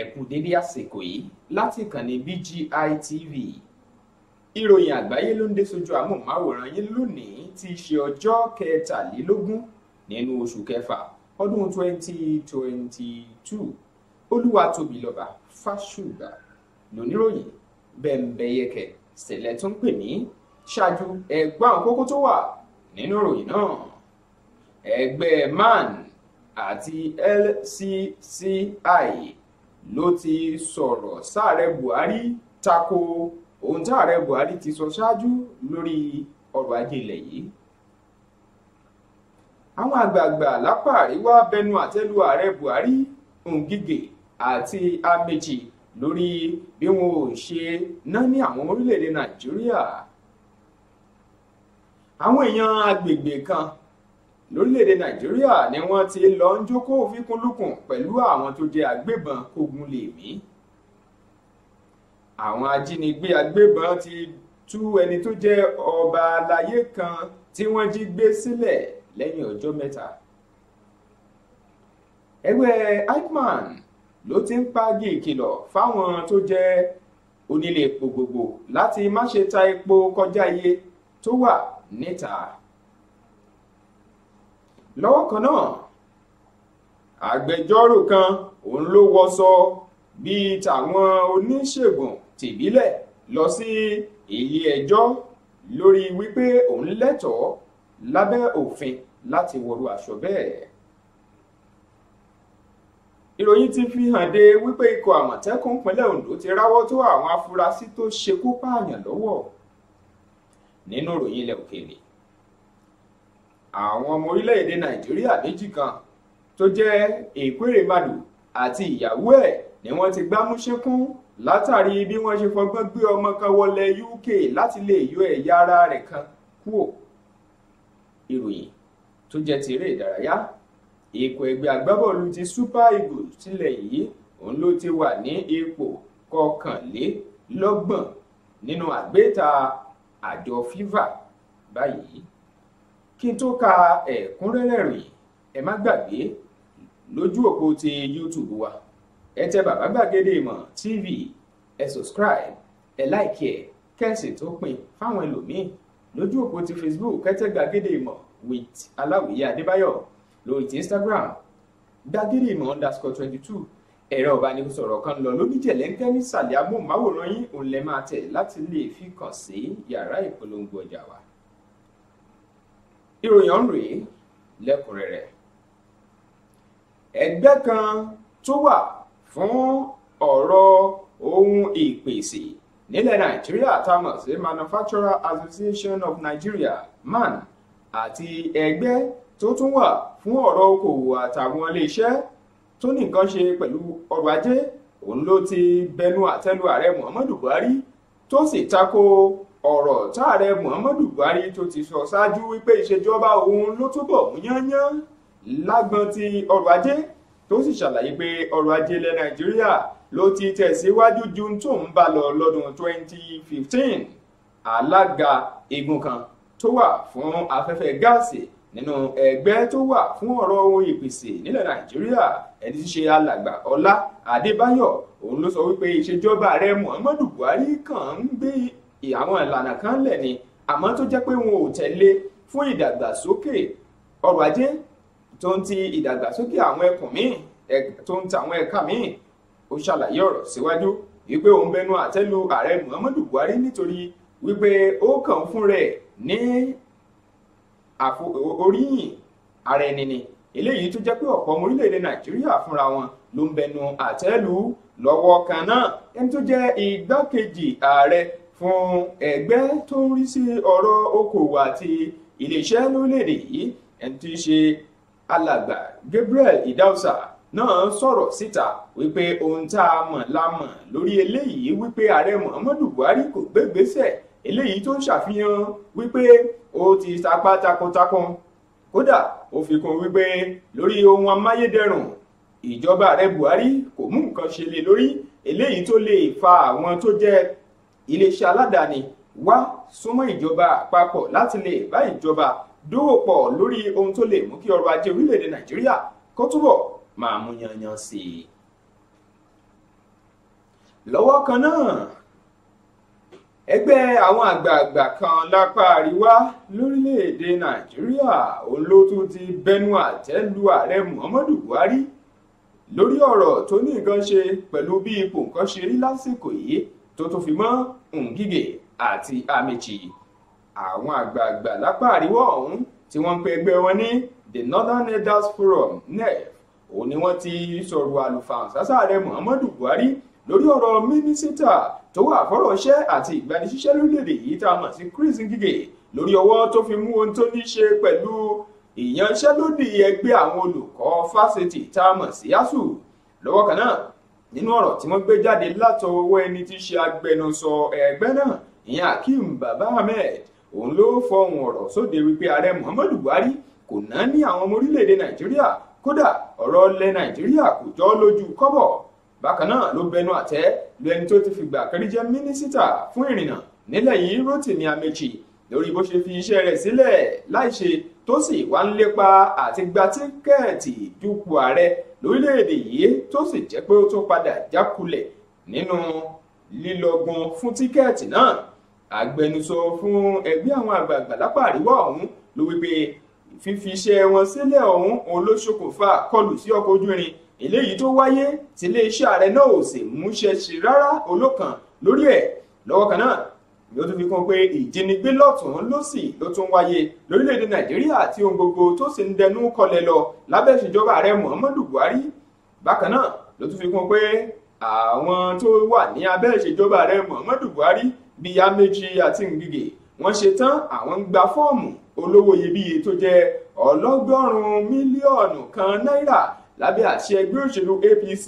ẹ kú dédé àsìkò yìí láti ìkànnì BGI TV ìròyìn àgbáyé ló ń dé sójú amóhùnmáwòrán yín lónìí tí í ṣe ọjọ́ kẹtàlélógún nínú oṣù kẹfà ọdún 2022 olúwatóbilọ́ba fásùgbà lóníròyìn bẹ́ẹ̀nbẹ́yẹkẹ ṣẹlẹ̀ tó ń pè ní ṣáájú ẹgbẹ́ àwọn kókó tó wà nínú ìròyìn náà ẹgbẹ́ man àti LCCI ló ti sọ̀rọ̀ sáàrẹ Buhari tako ohun táàrẹ Buhari ti sọ ṣáájú lórí ọrọ̀ ajé ilẹ̀ yìí àwọn àgbààgbà lápá àríwá bẹnu àtẹ́lu ààrẹ Buhari Ngige àti Amechi lórí bí wọn ò ṣe ná ní àwọn orílẹ̀-èdè Nàìjíríà àwọn èèyàn agbègbè kan lórílẹ̀‐èdè nàìjíríà ni wọ́n ti lọ ń jókòó fíkúnlùkùn pẹ̀lú àwọn tó jẹ́ agbébọn kógun lè mí àwọn ajínigbé agbébọn ti tú ẹni tó jẹ́ ọba aláyé kan tí wọ́n jí gbé sílẹ̀ lẹ́yìn ọjọ́ mẹ́ta ẹgbẹ́ IPMAN ló ti ń pagi ìkìlọ̀ fáwọn tó jẹ́ onílé epo gbogbo láti má ṣe ta epo kọjá iye tó wà níta lọ́wọ́ kan náà agbẹjọ́rò kan òun ló wọṣọ bíi tàwọn oníṣègùn tìbílẹ̀ lọ sí ilé ẹjọ́ lórí wípé òun lẹ́tọ̀ọ́ lábẹ́ òfin láti wọrú aṣọ bẹ́ẹ̀. ìròyìn ti fi hàn dé wípé ikọ̀ àmọ̀tẹ́kùn pínlẹ̀ Ondo ti ráwọ́ tó àwọn afurasí tó ṣekú pààyàn lọ́wọ́ nínú ìròyìn ilẹ̀ òkèèrè àwọn ọmọ orílẹ̀-èdè nàìjíríà méjì kan tó jẹ́ èkúrèmadù àti ìyàwó ẹ̀ ni wọ́n ti gbámú ṣẹ́kún látàrí bí wọ́n ṣe fọgbọ́n gbé ọmọ kan wọlé UK láti lè yọ ẹ̀yà ara rẹ̀ kan kúò ìròyìn tó jẹ́ ti eré ìdárayá ikọ̀ ẹgbẹ́ agbábọ́ọ̀lù ti Super Eagles tilẹ̀ yìí òun ló ti wà ní ipò kọkànlélọ́gbọ̀n nínú àgbéta àjọ FIFA báyìí kí n tó ka ẹ̀kúnrẹ́rẹ́ ròyìn ẹ má gbàgbé lójú òpó ti YouTube wa ẹ tẹ bàbá gbàgede ìmọ̀ TV ẹ subscribe ẹ like ẹ kẹ́sì tó pin fáwọn ẹlòmíì lójú òpó ti Facebook ẹ tẹ gbàgede ìmọ̀ with aláwìyé adébáyọ̀ lórí ti Instagram gbàgede ìmọ̀ underscore twenty two ẹ̀rọ ìbánisọ̀rọ̀ kan lọ lórí jẹ̀lẹ́ńkẹ́ nísàlẹ̀ amóhùnmáwòrán yín òun lẹ máa tẹ̀ láti lè fi kàn sí yàrá ìpolongo ọjà wa ìròyìn ọ̀hún rèé lẹ́kùnrẹ́rẹ́ ẹgbẹ́ kan tó wà fún ọ̀rọ̀ ohun ìpèsè nílẹ̀ nàìjíríà tá a manufacturer association of nigeria man àti ẹgbẹ́ tó tún wà fún ọ̀rọ̀ okòwò àtàwọn iléeṣẹ́ tó ní nǹkan ṣe pẹ̀lú ọrọ̀ ajé òun ló ti bẹnu àtẹ́lu ààrẹ muhammadu buhari tó sì tako ọ̀rọ̀ táàrẹ Muhammadu Buhari tó ti sọ ṣáájú wípé ìṣèjọba òun ló túbọ̀ mú yányán lágbọn ti ọrọ̀ ajé tó sì ṣàlàyé pé ọrọ̀ ajé ilẹ̀ Nàìjíríà ló ti tẹ̀síwájú ju tó ń bá lọ lọ́dún 2015 alága igun kan tó wà fún afẹ́fẹ́ gáàsì nínú ẹgbẹ́ tó wà fún ọ̀rọ̀ ohun ìpèsè nílẹ̀ Nàìjíríà ẹni tí ṣe alàgbà Ọlá Adébáyọ̀ òun ló sọ wípé ìṣèjọba ààrẹ Muhammadu Buhari kàn ń gbé àwọn ìlànà kan lẹ̀ ni àmọ́ tó jẹ́ pé wọn ò tẹ̀lé fún ìdàgbàsókè ọrọ̀ ajé tó ń ti ìdàgbàsókè àwọn ẹkùn míì tó ń ta àwọn ẹ̀ka míì ó ṣàlàyé ọ̀rọ̀ síwájú wípé òun bẹnu àtẹ́lu ààrẹ Muhammadu Buhari nítorí wípé ó kàn fún rẹ̀ ní oríyìn ara ẹni eléyìí tó jẹ́ pé ọ̀pọ̀ ọmọ orílẹ̀-èdè Nàìjíríà fúnra wọn ló ń bẹnu àtẹ́lu lọ́wọ́ kan náà ẹni tó jẹ́ igbákejì ààrẹ fún ẹgbẹ́ tó ń rí sí ọ̀rọ̀ okòwò àti iléeṣẹ́ lórílẹ̀‐èdè yìí ẹni tí í ṣe alàgbà Gabriel Idausa náà sọ̀rọ̀ síta wípé ohun tá a mọ̀ la mọ̀ lórí eléyìí wípé ààrẹ Muhammadu Buhari kò gbégbésẹ̀ eléyìí tó ń ṣàfihàn wípé ó ti sapá takuntakun kódà ó fi kún wípé lórí ohun amáyédẹrùn ìjọba ààrẹ Buhari kò mú nǹkan ṣe lé lórí eléyìí tó lè fa àwọn tó jẹ́ iléeṣẹ́ aládàáni wá súnmọ́ ìjọba àpapọ̀ láti lè bá ìjọba dúwòpọ̀ lórí ohun tó lè mú kí ọrọ̀ ajé orílẹ̀-èdè nàìjíríà kó túbọ̀ máa mú yanyan sí i. lọ́wọ́ kan náà ẹgbẹ́ àwọn àgbààgbà kan lápá àríwá lórílẹ̀-èdè nàìjíríà òun ló tún ti bẹnu àtẹ́ lu ààrẹ muhammadu buhari lórí ọ̀rọ̀ tó ní nǹkan ṣe pẹ̀lú bí ipò nǹkan ṣe rí lásìkò yìí tó tó fi mọ́ Ngige àti Amaechi àwọn àgbààgbà lápá àríwá ọ̀hún tí wọ́n ń pe ẹgbẹ́ wọn ní the Northern Elders Forum NEF òun ni wọ́n ti sọ̀rọ̀ àlùfàǹsásà rẹ̀ Muhammadu Buhari lórí ọ̀rọ̀ mínísítà tó wà fọ́rọ̀ṣẹ́ àti ìgbanisíṣẹ́ lórílẹ̀‐èdè yìí tá a mọ̀ sí Chris Ngige lórí ọwọ́ tó fi mú ohun tó ní ṣe pẹ̀lú ìyanṣẹ́lódì ẹgbẹ́ àwọn olùkọ́ fásitì tá a mọ̀ sí Yasu. lọ́wọ́ kan náà nínú ọ̀rọ̀ tí wọ́n gbé jáde látọwọ́ ẹni tí í ṣe agbẹnusọ ẹgbẹ́ náà ìyẹn akeem baba ahmed òun ló fọhùn ọ̀rọ̀ sóde wípé ààrẹ muhammadu buhari kò náání àwọn ọmọ orílẹ̀-èdè nàìjíríà kódà ọ̀rọ̀ ilẹ̀ nàìjíríà kò jọ lójú kọ́bọ̀ bákan náà ló bẹnu àtẹ́ lẹni tó ti fìgbà kẹrí jẹ́ mínísítà fún ìrìnnà nílẹ̀ yìí rotimi amechi lórí bó ṣe fi iṣẹ́ rẹ̀ sílẹ̀ láìṣe tó sì wá ń lépa àti gba tíkẹ́ẹ̀tì dupò ààrẹ lórílẹ̀‐èdè yìí tó sì jẹ́ pé ó tún padà jákulẹ̀ nínú lílọ́gun fún tíkẹ́ẹ̀tì náà agbẹnusọ fún ẹgbẹ́ àwọn àgbààgbà lápá àríwá ọ̀hún ló wípé fífi iṣẹ́ wọn sílẹ̀ ọ̀hún òun ló ṣokùnfà kọlù sí ọkọ̀ ojú irin eléyìí tó wáyé tí iléeṣẹ́ ààrẹ náà ò sì múṣẹ́ sí rárá olókan lórí ẹ̀ lọ́wọ́ kan náà ló tún fi kún pé ìjínigbé lọ́tún lọ́sì ló tún wáyé lórílẹ̀‐èdè nàìjíríà àti ohun gbogbo tó sì ń dẹnu kọlẹ̀ lọ lábẹ́ ìṣèjọba ààrẹ muhammadu buhari bákan náà ló tún fi kún pé àwọn tó wà ní abẹ́ ìṣèjọba ààrẹ muhammadu buhari bíi amechi àti ngige wọ́n ṣe tán àwọn gba fọ́ọ̀mù olówó iyebíye tó jẹ́ ọlọ́gọ́rùn-ún mílíọ̀nù kan náírà lábẹ́ àṣẹ ẹgbẹ́ òṣèlú apc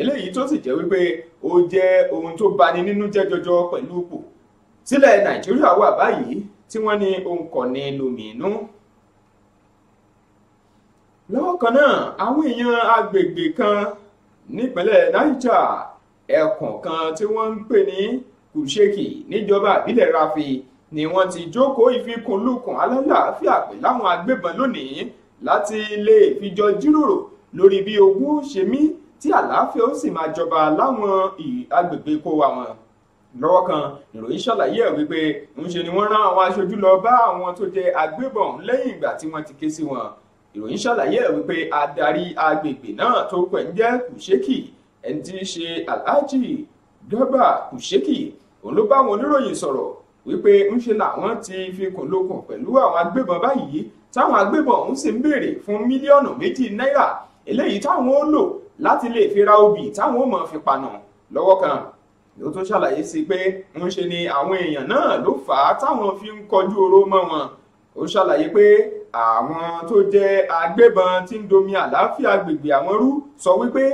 eléyìí tó sì jẹ́ wípé ó jẹ́ ohun tó bani nínú jẹ́ jọjọ pẹ̀lú ipò tílẹ̀ nàìjíríà wà báyìí tí wọ́n ní òǹkọ̀ni lómìnú. lọ́wọ́ kan náà àwọn èèyàn agbègbè kan nípínlẹ̀ niger ẹkùn kan tí wọ́n ń pè ní kùsẹ́kì níjọba ìbílẹ̀ rafi ni wọ́n ti jókòó ìfikùnlukùn alálàáfíà pé láwọn agbébọn lónìí láti lè fijọ jíròrò lórí bí ogun ó ṣe mí tí àlàáfíà ó sì máa jọba láwọn agbègbè kó wa wọn lọ́wọ́ kan ìròyìn ṣàlàyé ẹ̀ wípé ńṣe ni wọ́n rán àwọn aṣojú lọ bá àwọn tó jẹ agbébọn lẹ́yìn ìgbà tí wọ́n ti ké sí wọn ìròyìn ṣàlàyé ẹ̀ wípé adarí agbègbè náà tó pẹ̀ ń jẹ́ kùṣẹ́kì ẹni tí í ṣe alhaji garba kùṣẹ́kì òun ló bá àwọn oníròyìn sọ̀rọ̀ wípé ńṣe làwọn ti fi kùn lókun pẹ̀lú àwọn agbébọn báyìí táwọn agbébọn ń sì ń béèrè fún mílíọ̀nù méjì náírà eléyìí táwọn ó lò láti lè fi ra obì táwọn ó mọ̀ fi pànà lọ́wọ́ kan ó tún ṣàlàyé sí pé ń ṣe ni àwọn èèyàn náà ló fà á táwọn fi ń kọjú oró mọ́ wọn ó ṣàlàyé pé àwọn tó jẹ́ agbébọn tí ń domi àlàáfíà agbègbè àwọn rú sọ wípé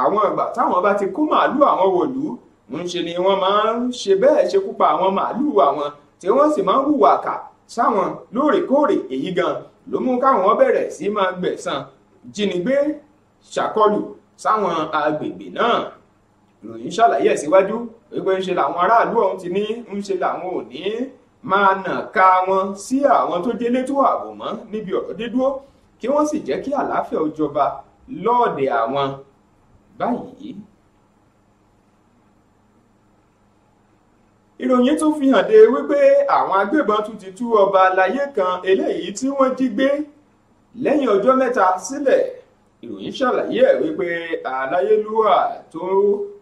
àwọn ìgbà táwọn bá ti kó màálù àwọn wọ̀lú ń ṣe ni wọ́n máa ń ṣe bẹ́ẹ̀ ṣekú pa àwọn màálù àwọn tí wọ́n sì máa ń hùwà kà sáwọn lóòrèkóòrè èyí gan ló mú káwọn bẹ̀rẹ̀ sí máa gbẹ̀san jínigbé ṣàkọlù sáwọn agbègbè náà ìròyìn ṣàlàyé ẹ̀ síwájú wípé ń ṣe làwọn aráàlú ọ̀hún ti ní ń ṣe làwọn ò ní máa nà ka wọn sí àwọn tó délé tó ààbò mọ́ níbi ọ̀rọ̀ dídúró kí wọ́n sì jẹ́ kí àlàáfíà ó jọba lọ́ọ̀dẹ̀ àwọn báyìí. ìròyìn tún fi hàn dé wípé àwọn agbébọn tún ti tú ọba aláyé kan eléyìí tí wọ́n jí gbé lẹ́yìn ọjọ́ mẹ́ta sílẹ̀. Si ìròyìn ṣàlàyé ẹ̀ wípé aláyélúwà tó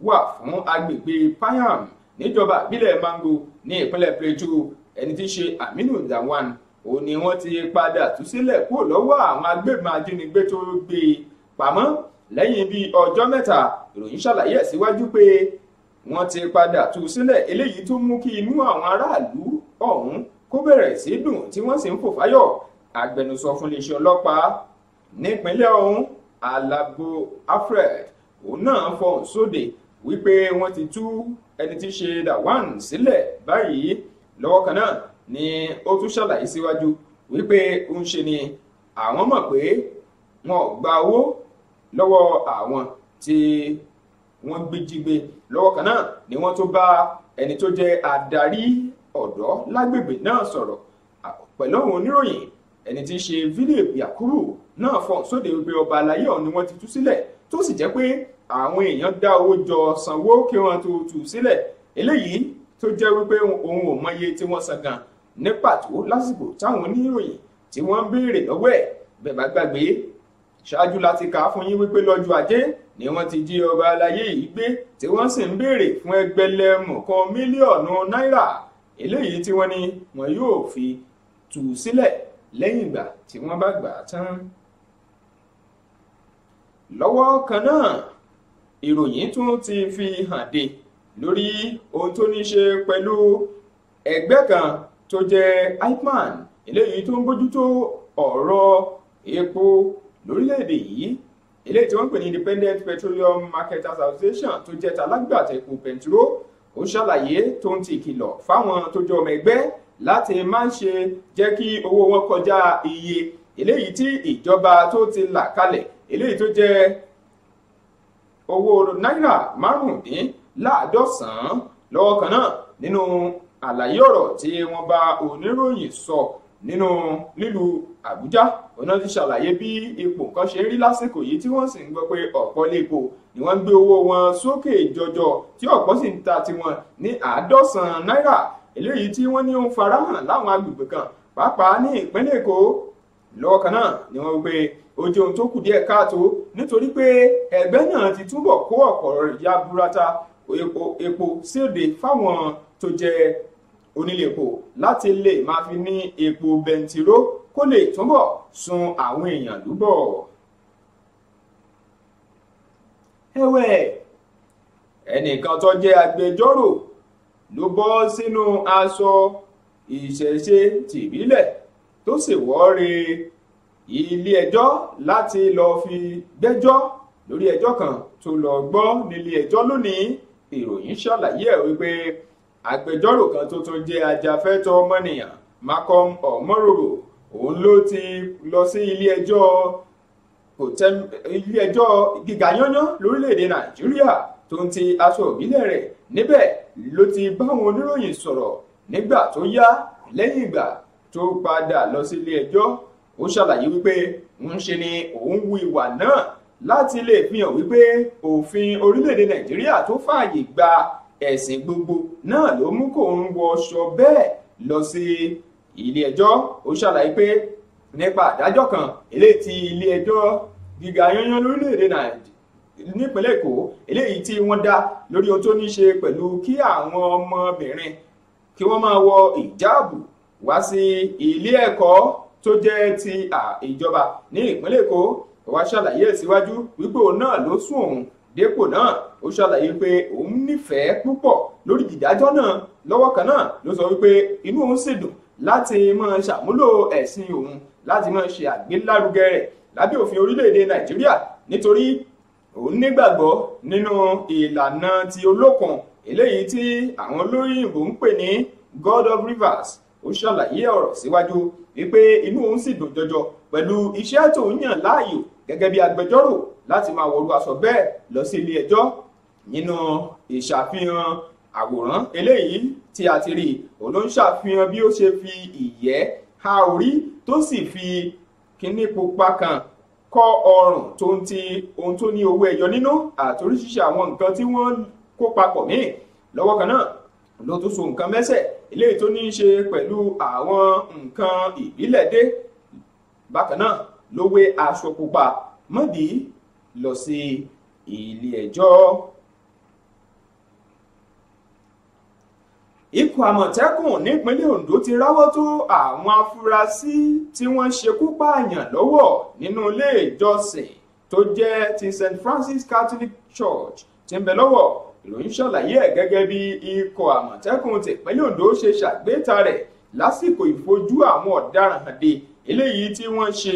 wà fún agbègbè Payam níjọba ìbílẹ̀ Mango ní ìpínlẹ̀ Plateau ẹni tí í ṣe Aminu Lawan ó ní wọ́n ti padà tú sílẹ̀ kúrò lọ́wọ́ àwọn agbébọn ajínigbé tó gbé e pamọ́ lẹ́yìn bíi ọjọ́ mẹ́ta ìròyìn ṣàlàyé ẹ̀ síwájú pé wọ́n ti padà tú sílẹ̀ eléyìí tó mú kí inú àwọn aráàlú ọ̀hún kó bẹ̀rẹ̀ sí dùn tí wọ́n sì ń fò fáyọ̀ agbẹnusọ fún iléeṣẹ́ ọlọ́pàá nípínlẹ̀ ọ̀hún alagbo alfred òun náà fọhùn sóde wípé wọ́n ti tú ẹni tí í ṣe dawan sílẹ̀ báyìí lọ́wọ́ kan náà ni ó tún ṣàlàyé síwájú wípé ó ń ṣe ni àwọn mọ̀ pé wọn ò gba owó lọ́wọ́ àwọn tí wọ́n gbé jígbe lọ́wọ́ kan náà ni wọ́n tó bá ẹni tó jẹ́ adarí ọ̀dọ́ lágbègbè náà sọ̀rọ̀ pẹ̀lú àwọn oníròyìn ẹni tí í ṣe Philip Yakubu náà fọhùn sóde wípé ọba àlàyé ọ̀hún ni wọ́n ti tú sílẹ̀ tó sì jẹ́ pé àwọn èèyàn dá owó jọ sanwó kí wọ́n tó tú sílẹ̀ eléyìí tó jẹ́ wípé òun ò mọye tí wọ́n san gan ní pàtó lásìkò táwọn oníròyìn tí wọ́n ń béèrè lọ́wọ́ ẹ̀ bẹ́ẹ̀ bá gbàgbé ṣáájú láti kà á fún yín wípé lọ́jọ́ ajé ni wọ́n ti jí ọba aláyé yìí gbé tí wọ́n sì ń béèrè fún ẹgbẹ̀lẹ́mù kan mílíọ̀nù náírà eléyìí tí wọ́n ní wọn yóò fi tù sílẹ̀ lẹ́yìn ìgbà tí wọ́n bá gbà á tán. lọ́wọ́ kan náà ìròyìn tún ti fi hàn dé lórí ohun tó ní ṣe pẹ̀lú ẹgbẹ́ kan tó jẹ́ IPMAN eléyìí tó ń bójútó ọ̀rọ̀ epo lórílẹ̀‐èdè yìí eléyìí tí wọ́n ń pè ní Independent Petroleum Market Association tó jẹ́ talágbàtà epo pẹntiró ó ṣàlàyé tó ń ti ìkìlọ̀ fáwọn tó jẹ́ ọmọ ẹgbẹ́ láti má ṣe jẹ́ kí owó wọn kọjá iye eléyìí tí ìjọba tó ti là kalẹ̀ eléyìí tó jẹ́ owó náírà márùndínláàádọ́sàn-án lọ́wọ́ kan náà nínú àlàyé ọ̀rọ̀ tí wọ́n bá oníròyìn sọ nínú lílu Àbújá ọ̀nà ti ṣàlàyé bí ipò nǹkan ṣe rí lásìkò yìí tí wọ́n sì ń gbọ́ pé ọ̀pọ̀ lè po ni wọ́n ń gbé owó wọn sókè jọjọ tí ọ̀pọ̀ sì ń ta tiwọn ní àádọ́sàn náírà eléyìí tí wọ́n ní ó ń farahàn láwọn agbègbè kan pàápàá ní ìpínlẹ̀ èkó lọ́ọ̀kan náà ni wọ́n gbé ó jẹ́ ohun tó kù díẹ̀ káàtó nítorí pé ẹgbẹ́ náà ti túbọ̀ kó ọ̀pọ̀ ìyá burata epo séde fáwọn tó jẹ́ onílé epo láti lè máa fi ní epo bẹntiró kó lè túbọ̀ sun àwọn èèyàn lúbọ̀. ẹ̀wẹ̀ ẹnìkan tó jẹ́ agbẹjọ́rò ló bọ́ sínú aṣọ ìṣẹ̀ṣe tìbílẹ̀ tó sì wọ́ọ́re ilé ẹjọ́ láti lọ́ọ́ fi gbẹ́jọ́ lórí ẹjọ́ kan tó lọ gbọ́ nílé ẹjọ́ lónìí ìròyìn ṣàlàyé ẹ̀ wípé agbẹjọ́rò kan tó tún jẹ́ ajàfẹ́tọ̀ ọmọnìyàn Malcolm Omorogo òun ló ti lọ sí ilé ẹjọ́ ilé ẹjọ́ gíga yányán lórílẹ̀‐èdè Nàìjíríà tó ń ti aṣọ òbílẹ̀ rẹ̀ níbẹ̀ ló ti báwọn oníròyìn sọ̀rọ̀ nígbà tó yá lẹ́yìn ìgbà tó padà lọ sí ilé ẹjọ́ ó ṣàlàyé wípé ń ṣe ni òun wu ìwà náà láti lè fi hàn wípé òfin orílẹ̀-èdè nàìjíríà tó fààyè gba ẹ̀sìn gbogbo náà ló mú kóun wọṣọ bẹ́ẹ̀ lọ sí ilé ẹjọ́ ó ṣàlàyé pé nípa àdájọ́ kan eléyìí tí ilé ẹjọ́ gíga yányán lórílẹ̀-èdè nàìjíríà nípínlẹ̀ èkó eléyìí tí wọ́n dá lórí ohun tó ní ṣe pẹ̀lú kí àwọn ọmọbìnrin kí wọ́n máa wọ ìjáàbù wá sí ilé ẹ̀kọ́ tó jẹ́ ti ìjọba ní ìpínlẹ̀ èkó wá ṣàlàyé síwájú wípé òun náà ló sún òun dépò náà ó ṣàlàyé pé òun nífẹ̀ẹ́ púpọ̀ lórí ìdájọ́ náà lọ́wọ́ kan náà ló sọ wípé inú òun sì dùn láti máa ṣàmúlò ẹ̀sìn òun láti máa ṣe àgbélárugẹ rẹ̀ lábẹ́ òfin orílẹ̀-èdè nàìjíríà nítorí òun nígbàgbọ́ nínú ìlànà ti olókun eléyìí tí àwọn olóyìnbó ń pè ní God of Rivers ó ṣàlàyé ọ̀rọ̀ síwájú wípé inú òun sì dùn jọjọ pẹ̀lú iṣẹ́ tó ń yàn láàyò gẹ́gẹ́ bí agbẹjọ́rò láti máa wọlú aṣọ bẹ́ẹ̀ lọ sí ilé ẹjọ́ nínú ìṣàfihàn àwòrán eléyìí tí a ti rí òun ló ń ṣàfihàn bí ó ṣe fi ìyẹ́ ha orí tó sì fi kíní pupa kan kọ ọrùn tó ń ti ohun tó ní owó ẹyọ nínú àtoríṣiṣi àwọn nǹkan tí wọ́n kó papọ̀ míì lọ́wọ́ kan náà ló tún so nǹkan mẹ́sẹ̀ eléyìí tó ní í ṣe pẹ̀lú àwọn nǹkan ìbílẹ̀ dé bákan náà ló wé aṣọ pupa mọ́dìí lọ sí ilé ẹjọ́. ikọ̀ àmọ̀tẹ́kùn nípínlẹ̀ Ondo ti ráwọ́ tó àwọn afurasí tí wọ́n ṣekú pààyàn lọ́wọ́ nínú ilé ìjọsìn tó jẹ́ ti St Francis Catholic Church ti ń bẹ lọ́wọ́ ìròyìn ṣàlàyé ẹ̀ gẹ́gẹ́ bí ikọ̀ àmọ̀tẹ́kùn tìpínlẹ̀ Ondo ṣe ṣàgbéta rẹ̀ lásìkò ìfojú àwọn ọ̀daràn hàn dé eléyìí tí wọ́n ṣe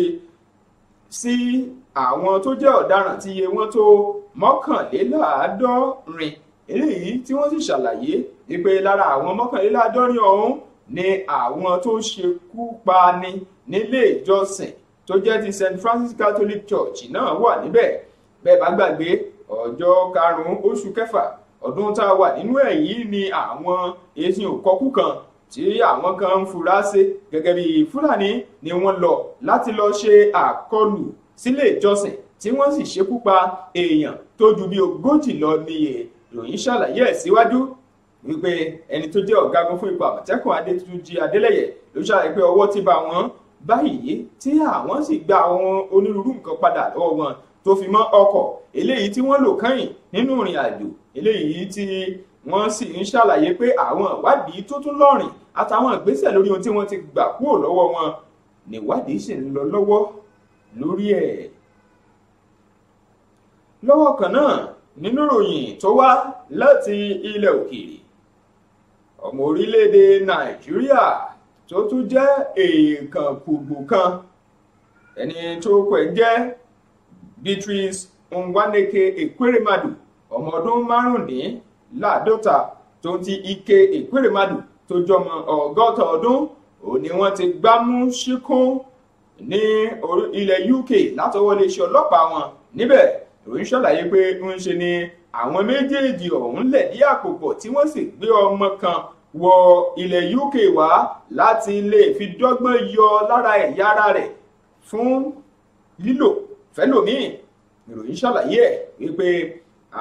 sí àwọn tó jẹ́ ọ̀daràn tí iye wọn tó mọ́kànléláàádọ́rin eléyìí tí wọ́n sì ṣàlàyé ìpè lára àwọn mọ́kànléláàádọ́rin ọ̀hún ni àwọn tó ṣekú pa ni nílé ìjọsìn tó jẹ́ ti St Francis Catholic Church náà wà níbẹ̀ bẹ́ẹ̀ bá gbàgbé ọjọ́ karùn-ún oṣù kẹfà ọdún tá a wà nínú ẹ̀ yìí ni àwọn ẹṣin òkọkú kan tí àwọn kan ń fura ṣe gẹ́gẹ́ bí Fúlàní ni wọ́n lọ láti lọ ṣe àkọlù sílé ìjọsìn tí wọ́n sì ṣekú pa èèyàn tó ju bí ogójì lọ nìyẹn ìròyìn ṣàlàyé ẹ̀ síwájú wípé ẹni tó jẹ́ ọ̀gágun fún ikọ̀ àmọ̀tẹ́kùn adétúnjì adélẹ́yẹ ló ṣàlàyé pé ọwọ́ ti bá wọn báyìí tí àwọn sì gba àwọn onírúurú nǹkan padà lọ́wọ́ wọn tó fi mọ́ ọkọ̀ eléyìí tí wọ́n lò kẹ́yìn nínú ìrìn àjò eléyìí tí wọ́n sì ń ṣàlàyé pé àwọn ìwádìí tó tún lọ́rìn àtàwọn ìgbésẹ̀ lórí ohun tí wọ́n ti gbà kúrò lọ́wọ́ wọn níwádìí sì ń lọ lọ́wọ́ lórí ẹ̀. lọ́wọ́ kan náà nínú ìròyìn tó wá láti ilẹ̀ òkèèrè ọmọ orílẹ̀-èdè nàìjíríà tó tún jẹ́ èèkàn kùgbù kan ẹni tó kọ ẹ̀ jẹ́ Beatrice Nwaneke Ekweremadu ọmọ ọdún márùndínláàádọ́ta tó ti Ike Ekweremadu tó jọmọ ọgọ́ta ọdún òun ni wọ́n ti gbá mú ṣíkún ní ilẹ̀ UK látọwọ́ iléeṣẹ́ ọlọ́pàá wọn níbẹ̀ òun ṣàlàyé pé ń ṣe ni àwọn méjèèjì ọ̀hún lẹ̀dí àpò tí wọ́n sì gbé ọmọ kan wọ ilẹ̀ UK wá láti lè fi dọ́gbọ́n yọ lára ẹ̀yà ara rẹ̀ fún lílò fẹ́lòmíì ìròyìn ṣàlàyé ẹ̀ wípé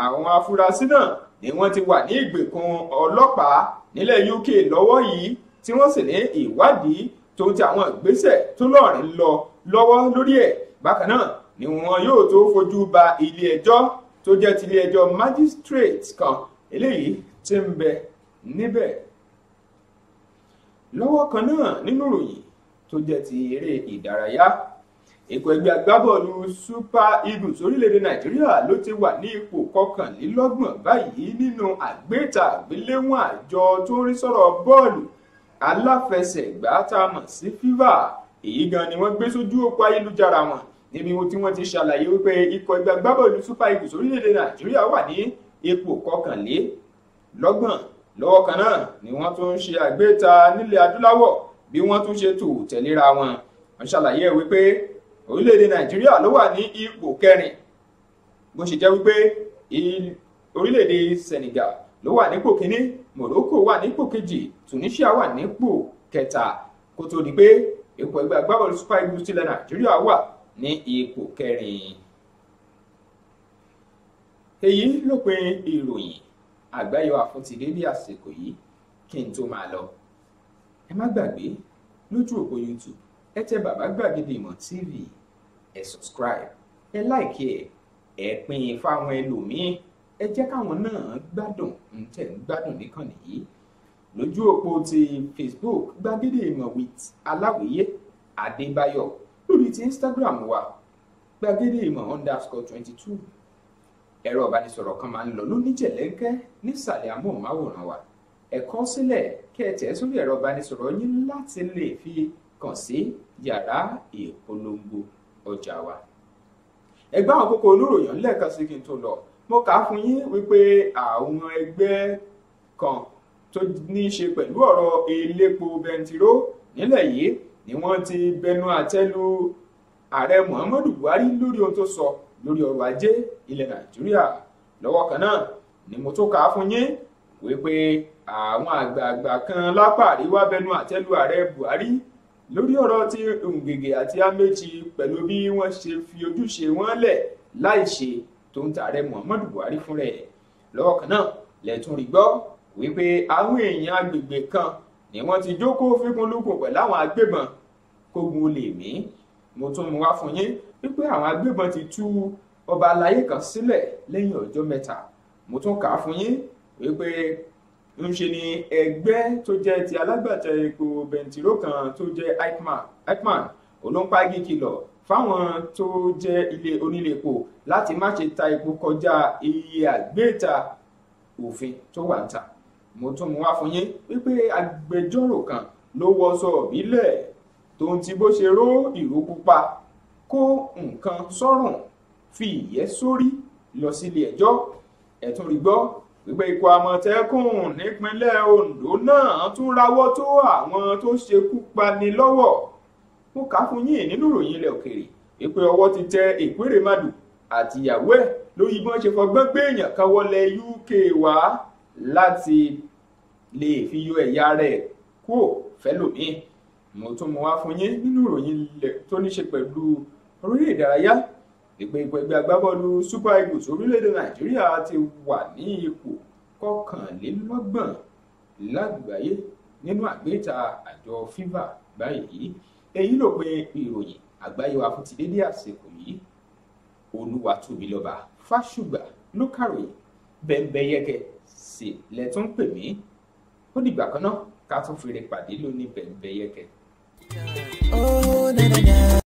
àwọn afurasí náà ni wọ́n ti wà ní ìgbèkùn ọlọ́pàá nílẹ̀ UK lọ́wọ́ yìí tí wọ́n sì ní ìwádìí tó ti àwọn ìgbésẹ̀ tó lọ́ọ̀rín lọ lọ́wọ́ lórí ẹ̀ bákan náà ni wọn yóò tó fojú ba ilé ẹjọ́ tó jẹ́ tilé ẹjọ́ magistrate kan eléyìí tí ń bẹ níbẹ̀ lọ́wọ́ kan náà nínú ìròyìn tó jẹ́ ti eré ìdárayá ikọ̀ ẹgbẹ́ agbábọ́ọ̀lù super eagles orílẹ̀-èdè nàìjíríà ló ti wà ní ipò kọkànlélọ́gbọ̀n báyìí nínú àgbéta àgbéléwọ̀n àjọ tó ń rí sọ̀rọ̀ bọ́ọ̀lù aláfẹsẹ̀gbá tá a mọ̀ sí FIFA èyí gan ni wọ́n gbé sójú òpó ayélujára wọn níbi tí wọ́n ti ṣàlàyé wípé ikọ̀ ẹgbẹ́ agbábọ́ọ̀lù super eagles orílẹ̀-èdè nàìjíríà wà ní ipò kọkànlélọ́gbọ̀n lọ́wọ́ kan náà ni wọ́n tún ṣe àgbéta nílẹ̀ adúláwọ̀ bí wọ́n tún ṣe tò tẹ̀léra wọn wọ́n ṣàlàyé wípé orílẹ̀-èdè nàìjíríà ló wà ní ipò kẹrin bó ṣe jẹ́ wípé orílẹ̀-èdè senegal ló wà nípò kínní morocco wà nípò kejì tunisia wà nípò kẹta kó tó di pé ipò ẹgbẹ́ agbábọ́ọ̀lù super eagles tilẹ̀ nàìjíríà wà ní ipò kẹrin èyí lópin ìròyìn àgbáyọ àfúntìdé bí àsìkò yìí kí n tó máa lọ ẹ má gbàgbé lójú òpó youtube ẹ tẹ bàbá gbàgede ìmọ̀ tv ẹ subscribe ẹ like ẹ ẹ pín in fáwọn ẹlòmíín ẹ jẹ́ káwọn náà gbádùn ń tẹ̀ ń gbádùn níkànnì yìí lójú òpó ti facebook gbàgede ìmọ̀ with aláwìyé adébáyọ̀ lórí ti Instagram wa gbàgede ìmọ̀ underscore twenty two ẹ̀rọ ìbánisọ̀rọ̀ kan máa ń lọ lóníjẹ̀lẹ́ńkẹ́ nísàlẹ̀ amóhùnmáwòrán wa ẹ kọ sílẹ̀ kẹ́ ẹ tẹ̀ sórí ẹ̀rọ ìbánisọ̀rọ̀ yín láti lè fi kàn sí yàrá ìpolongo ọjà wa. ẹgbẹ́ àwọn kókó olóròyìn lẹ́ẹ̀kan sí kí n tó lọ mo kà á fún yín wípé àwọn ẹgbẹ́ kan tó ní í ṣe pẹ̀lú ọ̀rọ̀ elépo bẹntiró nílẹ̀ yìí ni wọ́n ti bẹnu àtẹ́lu ààrẹ muhammadu buhari lórí ohun tó sọ lórí ọrọ̀ ajé ilẹ̀ nàìjíríà lọ́wọ́ kan náà ni mo tó kà á fún yín wípé àwọn àgbààgbà kan lápá àríwá bẹnu àtẹ́lu ààrẹ buhari lórí ọ̀rọ̀ ti ngègè àti amechi pẹ̀lú bí wọ́n ṣe fi ojúṣe wọn lẹ̀ láì ṣe tó ń tààrẹ muhammadu buhari fún rẹ̀ lọ́wọ́ kan náà lẹ́tún rí gbọ́ wípé àwọn èèyàn agbègbè kan ni wọ́n ti jókòó fígun lukùn pẹ̀lú àwọn agbébọn kógun olè mí mo tún mú wá fún yín wípé àwọn agbébọn ti tú ọba aláyé kan sílẹ̀ lẹ́yìn ọjọ́ mẹ́ta mo tún kà á fún yín wípé ń ṣe ni ẹgbẹ́ tó jẹ́ ti alágbàtà epo bẹntiró kan tó jẹ́ ipman ipman olóńpági kìlọ̀ fáwọn tó jẹ́ ilé onílé epo láti má ṣe ta epo kọjá iye àgbéta òfin tó wà ń ta mo tún mú wá fún yín wípé agbẹjọ́rò kan ló wọṣọ ìbílẹ̀ tó ń ti bó ṣe ró ìró pupa kó nǹkan sọ́rùn fi ìyẹ́ sórí lọ sílé ẹjọ́ ẹ̀tún rí gbọ́ gbogbo ikọ̀ àmọ̀tẹ́kùn nípínlẹ̀ Ondo náà tún rawọ́ tó àwọn tó ṣekú pani lọ́wọ́ mo kà á fún yín nínú ìròyìn ilẹ̀ òkèèrè pé ọwọ́ ti tẹ Ekweremadu àti ìyàwó ẹ̀ lórí bí wọ́n ṣe fọgbọ́n gbé èèyàn kan wọlé UK wá láti lè fi yọ ẹ̀yà rẹ̀ kúò fẹ́lòmíì mo tún mọ wá fún yín nínú ìròyìn tó ní ṣe pẹ̀lú orílẹ̀ ìdárayá ìpè ìpè ẹgbẹ́ agbábọ́ọ̀lù super eagles orílẹ̀-èdè nàìjíríà ti wà ní ipò kọkànlélọ́gbọ̀n lágbàáyé nínú àgbéta àjọ fifa báyìí èyí ló pe ìròyìn àgbáyé wa fún ti dédé àsìkò yìí olúwatóbilọ́ba fásùgbà ló kàròyìn bẹ́ẹ̀ bẹ́ẹ̀ yẹ́kẹ́ sí lẹ́tọ́ pè mí ó dìgbà kan náà ká tún fèrè pàdé lónìí bẹ̀ǹbẹ̀ yẹkẹ. Oh,